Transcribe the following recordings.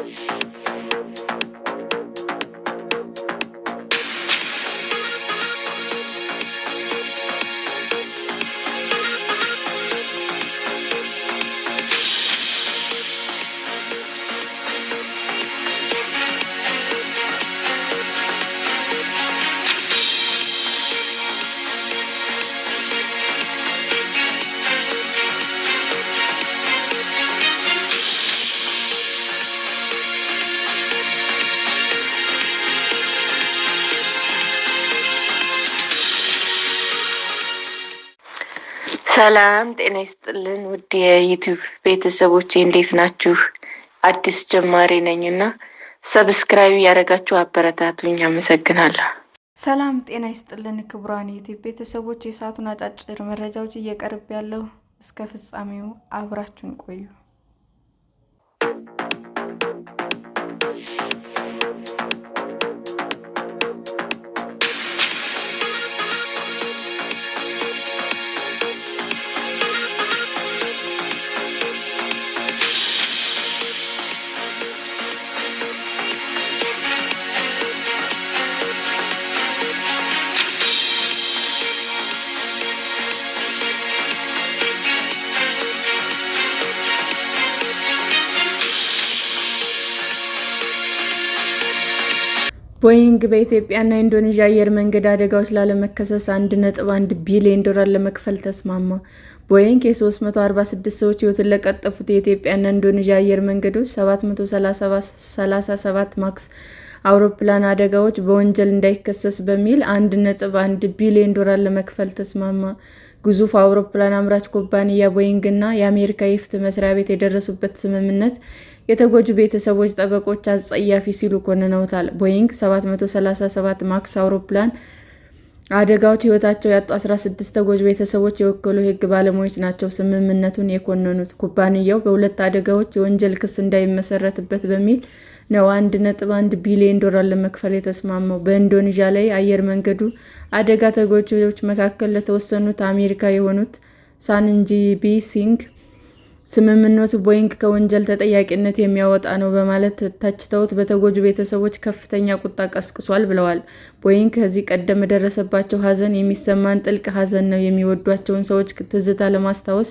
Thank you. ሰላም ጤና ይስጥልን ውድ የዩቲዩብ ቤተሰቦች እንዴት ናችሁ? አዲስ ጀማሪ ነኝ እና ሰብስክራይብ ያደረጋችሁ አበረታቱኝ። አመሰግናለሁ። ሰላም ጤና ይስጥልን ክቡራን የዩቱብ ቤተሰቦች፣ የሰዓቱን አጫጭር መረጃዎች እየቀርብ ያለው እስከ ፍጻሜው አብራችሁን ቆዩ። ቦይንግ በኢትዮጵያና ኢንዶኔዥያ አየር መንገድ አደጋዎች ላለመከሰስ አንድ ነጥብ አንድ ቢሊዮን ዶላር ለመክፈል ተስማማ። ቦይንግ የ346 ሰዎች ሕይወትን ለቀጠፉት የኢትዮጵያና ኢንዶኔዥያ አየር መንገዶች 737 ማክስ አውሮፕላን አደጋዎች በወንጀል እንዳይከሰስ በሚል አንድ ነጥብ አንድ ቢሊዮን ዶላር ለመክፈል ተስማማ። ግዙፍ አውሮፕላን አምራች ኩባንያ ቦይንግ እና የአሜሪካ የፍትህ መስሪያ ቤት የደረሱበት ስምምነት የተጎጁ ቤተሰቦች ጠበቆች አጸያፊ ሲሉ ኮንነውታል። ቦይንግ 737 ማክስ አውሮፕላን አደጋዎች ሕይወታቸው ያጡ 16 ተጎጂ ቤተሰቦች የወከሉ የሕግ ባለሙያዎች ናቸው ስምምነቱን የኮነኑት። ኩባንያው በሁለት አደጋዎች የወንጀል ክስ እንዳይመሰረትበት በሚል ነው 1.1 ቢሊዮን ዶላር ለመክፈል የተስማማው። በኢንዶኔዥያ ላይ አየር መንገዱ አደጋ ተጎጂዎች መካከል ለተወሰኑት አሜሪካ የሆኑት ሳንጂቢ ሲንግ ስምምነቱ ቦይንግ ከወንጀል ተጠያቂነት የሚያወጣ ነው በማለት ተችተውት በተጎጁ ቤተሰቦች ከፍተኛ ቁጣ ቀስቅሷል ብለዋል። ቦይንግ ከዚህ ቀደም የደረሰባቸው ሀዘን የሚሰማን ጥልቅ ሀዘን ነው። የሚወዷቸውን ሰዎች ትዝታ ለማስታወስ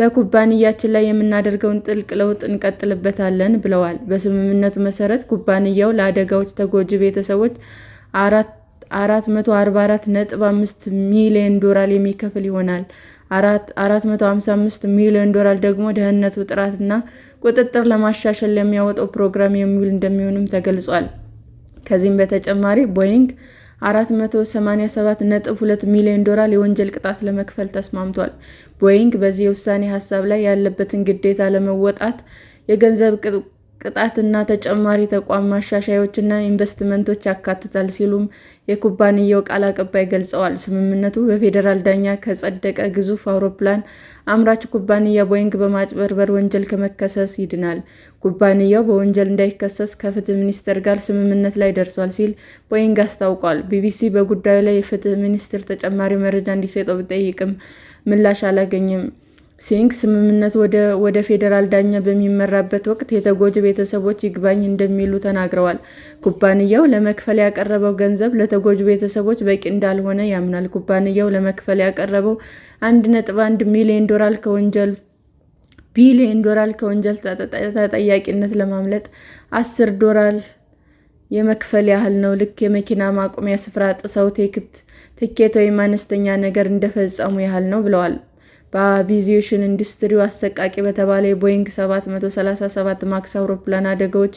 በኩባንያችን ላይ የምናደርገውን ጥልቅ ለውጥ እንቀጥልበታለን ብለዋል። በስምምነቱ መሰረት ኩባንያው ለአደጋዎች ተጎጁ ቤተሰቦች አራት አምስት ሚሊዮን ዶላር የሚከፍል ይሆናል። 455 ሚሊዮን ዶላር ደግሞ ደህንነቱ ጥራትና ቁጥጥር ለማሻሻል ለሚያወጣው ፕሮግራም የሚውል እንደሚሆንም ተገልጿል። ከዚህም በተጨማሪ ቦይንግ 487.2 ሚሊዮን ዶላር የወንጀል ቅጣት ለመክፈል ተስማምቷል። ቦይንግ በዚህ የውሳኔ ሀሳብ ላይ ያለበትን ግዴታ ለመወጣት የገንዘብ ቅጣትና ተጨማሪ ተቋም ማሻሻያዎችና ኢንቨስትመንቶች ያካትታል ሲሉም የኩባንያው ቃል አቀባይ ገልጸዋል። ስምምነቱ በፌዴራል ዳኛ ከጸደቀ ግዙፍ አውሮፕላን አምራች ኩባንያ ቦይንግ በማጭበርበር ወንጀል ከመከሰስ ይድናል። ኩባንያው በወንጀል እንዳይከሰስ ከፍትህ ሚኒስቴር ጋር ስምምነት ላይ ደርሷል ሲል ቦይንግ አስታውቋል። ቢቢሲ በጉዳዩ ላይ የፍትህ ሚኒስቴር ተጨማሪ መረጃ እንዲሰጠው ቢጠይቅም ምላሽ አላገኘም። ሲንክ ስምምነት ወደ ፌዴራል ዳኛ በሚመራበት ወቅት የተጎጂ ቤተሰቦች ይግባኝ እንደሚሉ ተናግረዋል። ኩባንያው ለመክፈል ያቀረበው ገንዘብ ለተጎጂ ቤተሰቦች በቂ እንዳልሆነ ያምናል። ኩባንያው ለመክፈል ያቀረበው 1.1 ሚሊዮን ዶላር ከወንጀል ቢሊዮን ዶላር ከወንጀል ተጠያቂነት ለማምለጥ 10 ዶላር የመክፈል ያህል ነው። ልክ የመኪና ማቆሚያ ስፍራ ጥሰው ትኬት ወይም አነስተኛ ነገር እንደፈጸሙ ያህል ነው ብለዋል። በአቪዬሽን ኢንዱስትሪው አሰቃቂ በተባለ የቦይንግ 737 ማክስ አውሮፕላን አደጋዎች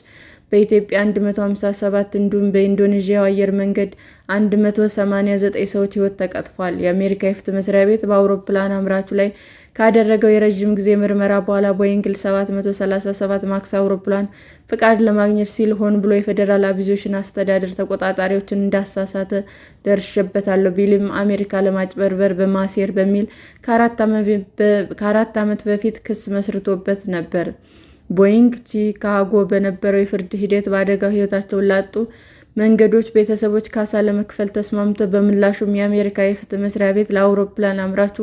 በኢትዮጵያ 157 እንዲሁም በኢንዶኔዥያው አየር መንገድ 189 ሰዎች ሕይወት ተቀጥፏል። የአሜሪካ የፍትህ መስሪያ ቤት በአውሮፕላን አምራቹ ላይ ካደረገው የረዥም ጊዜ ምርመራ በኋላ ቦይንግ 737 ማክስ አውሮፕላን ፍቃድ ለማግኘት ሲል ሆን ብሎ የፌዴራል አቪዬሽን አስተዳደር ተቆጣጣሪዎችን እንዳሳሳተ ደርሼበታለሁ ቢልም አሜሪካ ለማጭበርበር በማሴር በሚል ከአራት ዓመት በፊት ክስ መስርቶበት ነበር። ቦይንግ ቺካጎ በነበረው የፍርድ ሂደት በአደጋው ሕይወታቸውን ላጡ መንገዶች ቤተሰቦች ካሳ ለመክፈል ተስማምቶ በምላሹም የአሜሪካ የፍትህ መስሪያ ቤት ለአውሮፕላን አምራቹ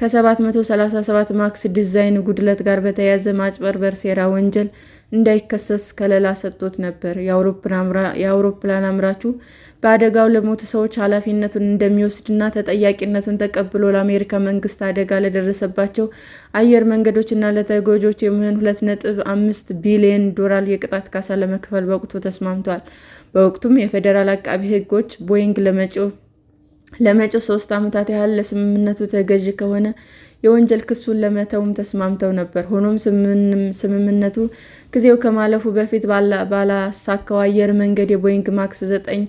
ከ737 ማክስ ዲዛይን ጉድለት ጋር በተያያዘ ማጭበርበር ሴራ ወንጀል እንዳይከሰስ ከለላ ሰጥቶት ነበር። የአውሮፕላን አምራቹ በአደጋው ለሞቱ ሰዎች ኃላፊነቱን እንደሚወስድና ተጠያቂነቱን ተቀብሎ ለአሜሪካ መንግስት አደጋ ለደረሰባቸው አየር መንገዶችና ለተጎጂዎች የሚሆን ሁለት ነጥብ አምስት ቢሊዮን ዶላር የቅጣት ካሳ ለመክፈል በወቅቱ ተስማምቷል። በወቅቱም የፌዴራል አቃቢ ህጎች ቦይንግ ለመጪው ለመጪው ሶስት ዓመታት ያህል ለስምምነቱ ተገዥ ከሆነ የወንጀል ክሱን ለመተውም ተስማምተው ነበር። ሆኖም ስምምነቱ ጊዜው ከማለፉ በፊት ባላሳካው አየር መንገድ የቦይንግ ማክስ ዘጠኝ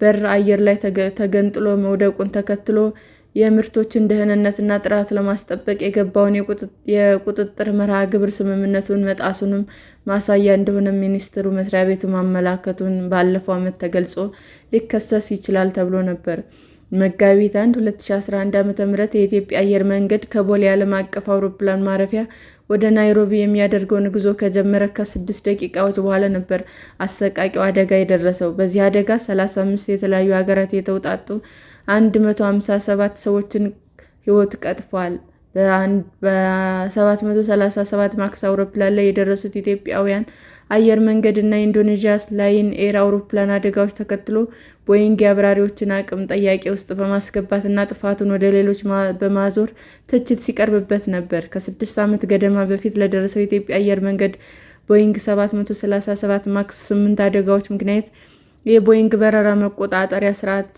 በር አየር ላይ ተገንጥሎ መውደቁን ተከትሎ የምርቶችን ደህንነትና ጥራት ለማስጠበቅ የገባውን የቁጥጥር መርሃ ግብር ስምምነቱን መጣሱንም ማሳያ እንደሆነ ሚኒስቴር መስሪያ ቤቱ ማመላከቱን ባለፈው ዓመት ተገልጾ ሊከሰስ ይችላል ተብሎ ነበር። መጋቢት 1 2011 ዓ.ም የኢትዮጵያ አየር መንገድ ከቦሌ ዓለም አቀፍ አውሮፕላን ማረፊያ ወደ ናይሮቢ የሚያደርገውን ጉዞ ከጀመረ ከስድስት ደቂቃዎች በኋላ ነበር አሰቃቂው አደጋ የደረሰው። በዚህ አደጋ 35 የተለያዩ ሀገራት የተውጣጡ 157 ሰዎችን ሕይወት ቀጥፏል። በ737 ማክስ አውሮፕላን ላይ የደረሱት ኢትዮጵያውያን አየር መንገድ እና የኢንዶኔዥያ ላይን ኤር አውሮፕላን አደጋዎች ተከትሎ ቦይንግ የአብራሪዎችን አቅም ጥያቄ ውስጥ በማስገባት እና ጥፋቱን ወደ ሌሎች በማዞር ትችት ሲቀርብበት ነበር። ከስድስት ዓመት ገደማ በፊት ለደረሰው የኢትዮጵያ አየር መንገድ ቦይንግ 737 ማክስ 8 አደጋዎች ምክንያት የቦይንግ በረራ መቆጣጠሪያ ስርዓት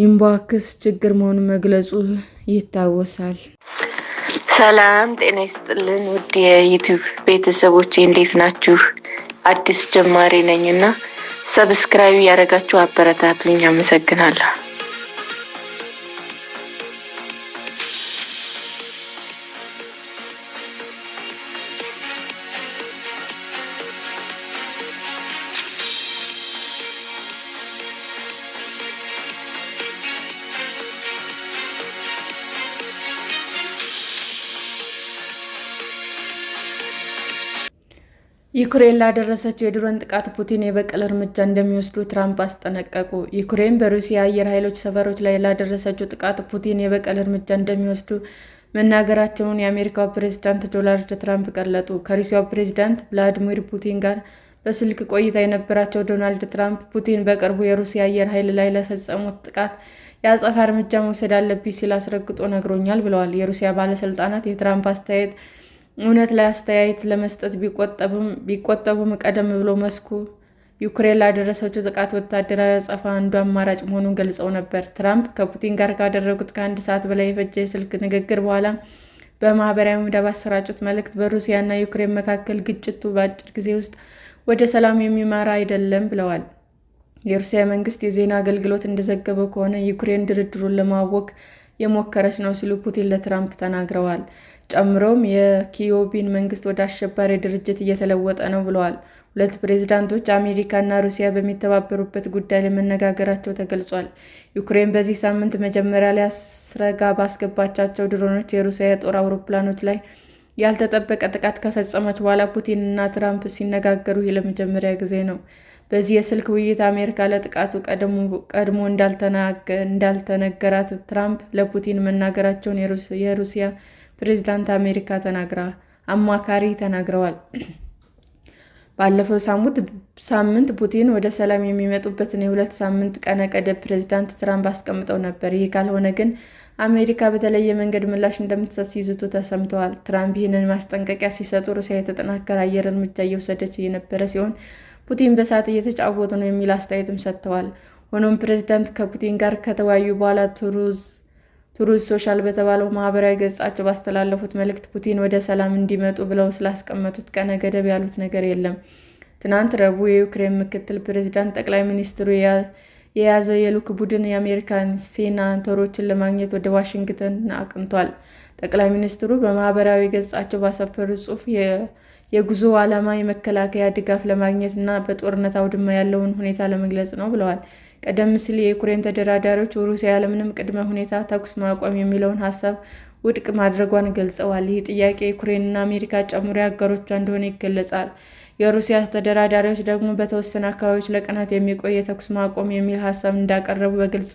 ይንቧክስ ችግር መሆኑን መግለጹ ይታወሳል። ሰላም ጤና ይስጥልን ውድ የዩቱብ ቤተሰቦች እንዴት ናችሁ? አዲስ ጀማሪ ነኝ እና ሰብስክራይብ ያደረጋችሁ አበረታቱኝ። አመሰግናለሁ። ዩክሬን ላደረሰችው የድሮን ጥቃት ፑቲን የበቀል እርምጃ እንደሚወስዱ ትራምፕ አስጠነቀቁ። ዩክሬን በሩሲያ አየር ኃይሎች ሰፈሮች ላይ ላደረሰችው ጥቃት ፑቲን የበቀል እርምጃ እንደሚወስዱ መናገራቸውን የአሜሪካው ፕሬዝዳንት ዶናልድ ትራምፕ ገለጡ። ከሩሲያው ፕሬዝዳንት ቭላዲሚር ፑቲን ጋር በስልክ ቆይታ የነበራቸው ዶናልድ ትራምፕ ፑቲን በቅርቡ የሩሲያ አየር ኃይል ላይ ለፈጸሙት ጥቃት የአጸፋ እርምጃ መውሰድ አለብኝ ሲል አስረግጦ ነግሮኛል ብለዋል። የሩሲያ ባለስልጣናት የትራምፕ አስተያየት እውነት ላይ አስተያየት ለመስጠት ቢቆጠቡም ቀደም ብሎ መስኩ ዩክሬን ላደረሰችው ጥቃት ወታደራዊ አጸፋ አንዱ አማራጭ መሆኑን ገልጸው ነበር። ትራምፕ ከፑቲን ጋር ካደረጉት ከአንድ ሰዓት በላይ የፈጀ የስልክ ንግግር በኋላ በማህበራዊ ሚዲያ ባሰራጩት መልእክት በሩሲያና ዩክሬን መካከል ግጭቱ በአጭር ጊዜ ውስጥ ወደ ሰላም የሚመራ አይደለም ብለዋል። የሩሲያ መንግስት የዜና አገልግሎት እንደዘገበው ከሆነ ዩክሬን ድርድሩን ለማወቅ ። የሞከረች ነው ሲሉ ፑቲን ለትራምፕ ተናግረዋል። ጨምሮም የኪዮቢን መንግስት ወደ አሸባሪ ድርጅት እየተለወጠ ነው ብለዋል። ሁለት ፕሬዝዳንቶች አሜሪካና ሩሲያ በሚተባበሩበት ጉዳይ ላይ መነጋገራቸው ተገልጿል። ዩክሬን በዚህ ሳምንት መጀመሪያ ላይ አስረጋ ባስገባቻቸው ድሮኖች የሩሲያ የጦር አውሮፕላኖች ላይ ያልተጠበቀ ጥቃት ከፈጸመች በኋላ ፑቲን እና ትራምፕ ሲነጋገሩ ለመጀመሪያ ጊዜ ነው። በዚህ የስልክ ውይይት አሜሪካ ለጥቃቱ ቀድሞ እንዳልተነገራት ትራምፕ ለፑቲን መናገራቸውን የሩሲያ ፕሬዚዳንት አሜሪካ አማካሪ ተናግረዋል። ባለፈው ሳምንት ፑቲን ወደ ሰላም የሚመጡበትን የሁለት ሳምንት ቀነ ገደብ ፕሬዚዳንት ትራምፕ አስቀምጠው ነበር። ይህ ካልሆነ ግን አሜሪካ በተለየ መንገድ ምላሽ እንደምትሰጥ ሲዝቱ ተሰምተዋል። ትራምፕ ይህንን ማስጠንቀቂያ ሲሰጡ ሩሲያ የተጠናከረ አየር እርምጃ እየወሰደች የነበረ ሲሆን ፑቲን በእሳት እየተጫወቱ ነው የሚል አስተያየትም ሰጥተዋል። ሆኖም ፕሬዚዳንት ከፑቲን ጋር ከተወያዩ በኋላ ትሩዝ ሶሻል በተባለው ማህበራዊ ገጻቸው ባስተላለፉት መልእክት ፑቲን ወደ ሰላም እንዲመጡ ብለው ስላስቀመጡት ቀነ ገደብ ያሉት ነገር የለም። ትናንት ረቡዕ የዩክሬን ምክትል ፕሬዚዳንት ጠቅላይ ሚኒስትሩ የያዘ የልዑክ ቡድን የአሜሪካን ሴናተሮችን ለማግኘት ወደ ዋሽንግተን አቅንቷል። ጠቅላይ ሚኒስትሩ በማህበራዊ ገጻቸው ባሰፈሩ ጽሑፍ የጉዞ ዓላማ የመከላከያ ድጋፍ ለማግኘት እና በጦርነት አውድማ ያለውን ሁኔታ ለመግለጽ ነው ብለዋል። ቀደም ሲል የዩክሬን ተደራዳሪዎች ሩሲያ ያለምንም ቅድመ ሁኔታ ተኩስ ማቆም የሚለውን ሀሳብ ውድቅ ማድረጓን ገልጸዋል። ይህ ጥያቄ ዩክሬንና አሜሪካ ጨምሮ አገሮቿ እንደሆነ ይገለጻል። የሩሲያ ተደራዳሪዎች ደግሞ በተወሰነ አካባቢዎች ለቀናት የሚቆይ የተኩስ ማቆም የሚል ሀሳብ እንዳቀረቡ በግልጽ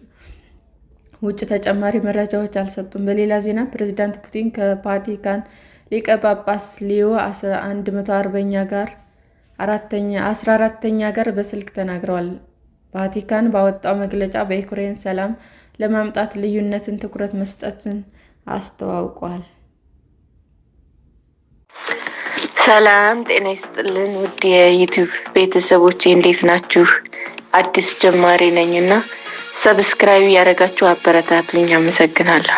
ውጭ ተጨማሪ መረጃዎች አልሰጡም። በሌላ ዜና ፕሬዝዳንት ፑቲን ከቫቲካን ሊቀ ጳጳስ ሊዮ 140ኛ ጋር አስራ አራተኛ ጋር በስልክ ተናግረዋል። ቫቲካን ባወጣው መግለጫ በዩክሬን ሰላም ለማምጣት ልዩነትን ትኩረት መስጠትን አስተዋውቋል። ሰላም ጤና ይስጥልን ውድ የዩቲዩብ ቤተሰቦች እንዴት ናችሁ? አዲስ ጀማሪ ነኝ እና ሰብስክራይብ ያደረጋችሁ አበረታቱኝ። አመሰግናለሁ።